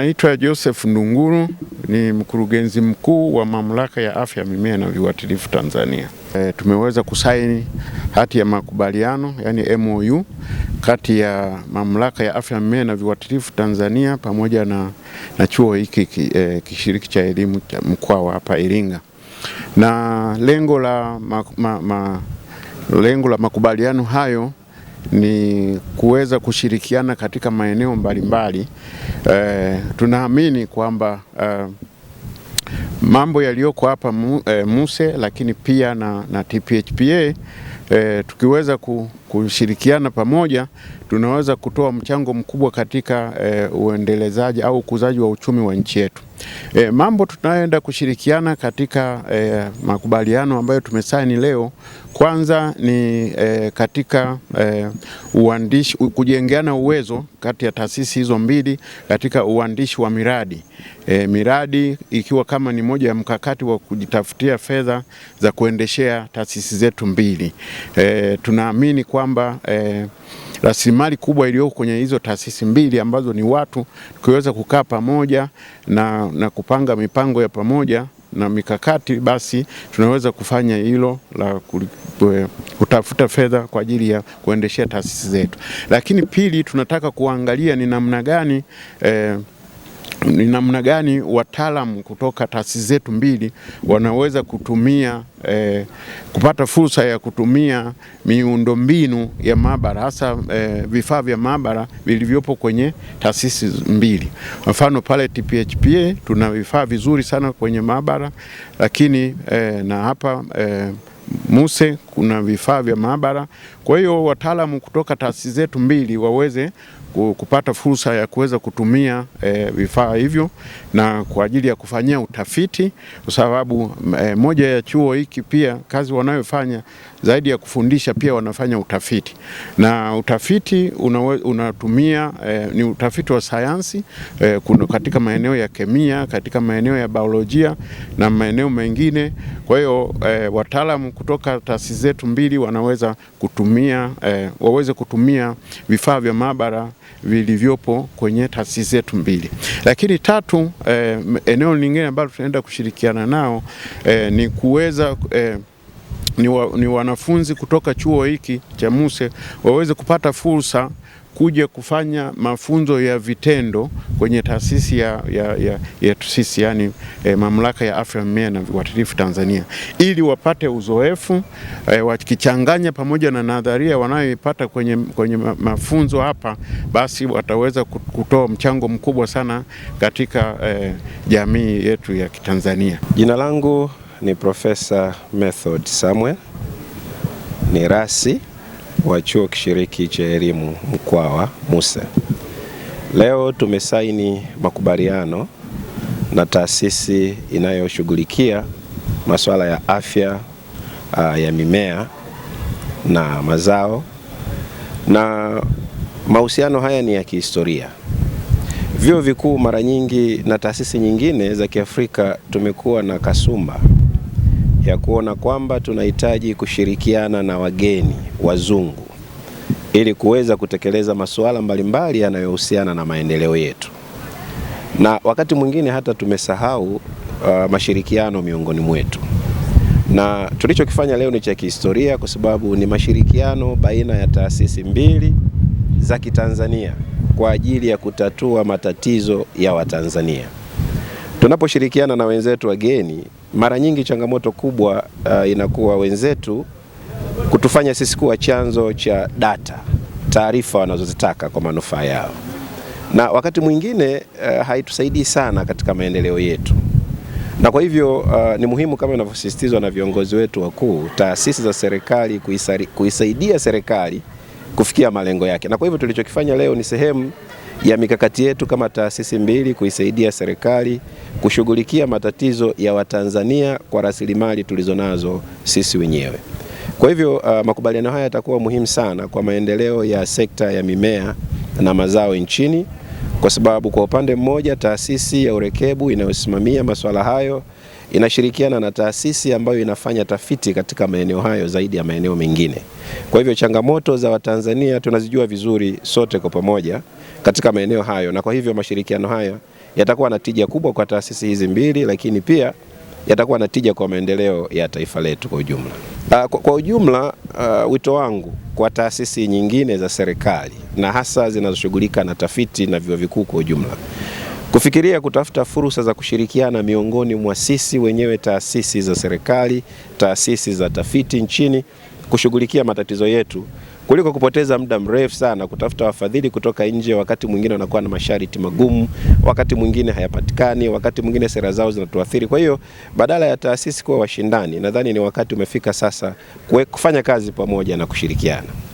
Naitwa Joseph Ndunguru, ni mkurugenzi mkuu wa Mamlaka ya Afya ya Mimea na Viuatilifu Tanzania. E, tumeweza kusaini hati ya makubaliano yani MOU kati ya Mamlaka ya Afya ya Mimea na Viuatilifu Tanzania pamoja na, na chuo hiki e, kishiriki cha elimu cha Mkwawa hapa Iringa, na lengo la, ma, ma, ma, lengo la makubaliano hayo ni kuweza kushirikiana katika maeneo mbalimbali. E, tunaamini kwamba e, mambo yaliyoko hapa eh, Muse lakini pia na, na TPHPA E, tukiweza kushirikiana pamoja tunaweza kutoa mchango mkubwa katika e, uendelezaji au ukuzaji wa uchumi wa nchi yetu. E, mambo tunayoenda kushirikiana katika e, makubaliano ambayo tumesaini leo, kwanza ni e, katika e, uandishi, kujengeana uwezo kati ya taasisi hizo mbili katika uandishi wa miradi e, miradi ikiwa kama ni moja ya mkakati wa kujitafutia fedha za kuendeshea taasisi zetu mbili. E, tunaamini kwamba e, rasilimali kubwa iliyoko kwenye hizo taasisi mbili ambazo ni watu, tukiweza kukaa pamoja na, na kupanga mipango ya pamoja na mikakati basi tunaweza kufanya hilo la eh, kutafuta fedha kwa ajili ya kuendeshea taasisi zetu. Lakini pili, tunataka kuangalia ni namna gani eh, ni namna gani wataalamu kutoka taasisi zetu mbili wanaweza kutumia eh, kupata fursa ya kutumia miundombinu ya maabara hasa eh, vifaa vya maabara vilivyopo kwenye taasisi mbili. Mfano pale TPHPA tuna vifaa vizuri sana kwenye maabara, lakini eh, na hapa eh, MUSE kuna vifaa vya maabara. Kwa hiyo wataalamu kutoka taasisi zetu mbili waweze kupata fursa ya kuweza kutumia e, vifaa hivyo na kwa ajili ya kufanyia utafiti, kwa sababu e, moja ya chuo hiki pia kazi wanayofanya zaidi ya kufundisha, pia wanafanya utafiti na utafiti unawe, unatumia e, ni utafiti wa sayansi e, katika maeneo ya kemia, katika maeneo ya biolojia na maeneo mengine. Kwa hiyo e, wataalamu kutoka taasisi zetu mbili wanaweza kutumia eh, waweze kutumia vifaa vya maabara vilivyopo kwenye taasisi zetu mbili. Lakini tatu, eh, eneo lingine ambalo tunaenda kushirikiana nao eh, ni kuweza eh, ni, wa, ni wanafunzi kutoka chuo hiki cha MUCE waweze kupata fursa kuja kufanya mafunzo ya vitendo kwenye taasisi ya, ya, ya, ya TUSISI yani eh, Mamlaka ya Afya Mimea na Viuatilifu Tanzania ili wapate uzoefu eh, wakichanganya pamoja na nadharia wanayoipata kwenye, kwenye mafunzo hapa, basi wataweza kutoa mchango mkubwa sana katika eh, jamii yetu ya Kitanzania. Jina langu ni Profesa Method Samuel ni rasi wa chuo kishiriki cha elimu Mkwawa MUSA. Leo tumesaini makubaliano na taasisi inayoshughulikia masuala ya afya uh, ya mimea na mazao na mahusiano haya ni ya kihistoria. Vyuo vikuu mara nyingi na taasisi nyingine za Kiafrika tumekuwa na kasumba ya kuona kwamba tunahitaji kushirikiana na wageni wazungu ili kuweza kutekeleza masuala mbalimbali yanayohusiana na maendeleo yetu, na wakati mwingine hata tumesahau uh, mashirikiano miongoni mwetu, na tulichokifanya leo ni cha kihistoria kwa sababu ni mashirikiano baina ya taasisi mbili za Kitanzania kwa ajili ya kutatua matatizo ya Watanzania. Tunaposhirikiana na wenzetu wageni mara nyingi changamoto kubwa uh, inakuwa wenzetu kutufanya sisi kuwa chanzo cha data, taarifa wanazozitaka kwa manufaa yao, na wakati mwingine uh, haitusaidii sana katika maendeleo yetu. Na kwa hivyo uh, ni muhimu kama inavyosisitizwa na viongozi wetu wakuu, taasisi za serikali kuisari, kuisaidia serikali kufikia malengo yake. Na kwa hivyo tulichokifanya leo ni sehemu ya mikakati yetu kama taasisi mbili kuisaidia serikali kushughulikia matatizo ya Watanzania kwa rasilimali tulizonazo sisi wenyewe. Kwa hivyo uh, makubaliano haya yatakuwa muhimu sana kwa maendeleo ya sekta ya mimea na mazao nchini kwa sababu kwa upande mmoja taasisi ya urekebu inayosimamia masuala hayo inashirikiana na taasisi ambayo inafanya tafiti katika maeneo hayo zaidi ya maeneo mengine. Kwa hivyo changamoto za Watanzania tunazijua vizuri sote kwa pamoja katika maeneo hayo, na kwa hivyo mashirikiano haya yatakuwa na tija kubwa kwa taasisi hizi mbili, lakini pia yatakuwa na tija kwa maendeleo ya taifa letu kwa ujumla. Ah, kwa, kwa ujumla uh, wito wangu kwa taasisi nyingine za serikali na hasa zinazoshughulika na tafiti na vyuo vikuu kwa ujumla kufikiria kutafuta fursa za kushirikiana miongoni mwa sisi wenyewe taasisi za serikali, taasisi za tafiti nchini kushughulikia matatizo yetu kuliko kupoteza muda mrefu sana kutafuta wafadhili kutoka nje. Wakati mwingine wanakuwa na masharti magumu, wakati mwingine hayapatikani, wakati mwingine sera zao zinatuathiri. Kwa hiyo badala ya taasisi kuwa washindani, nadhani ni wakati umefika sasa kufanya kazi pamoja na kushirikiana.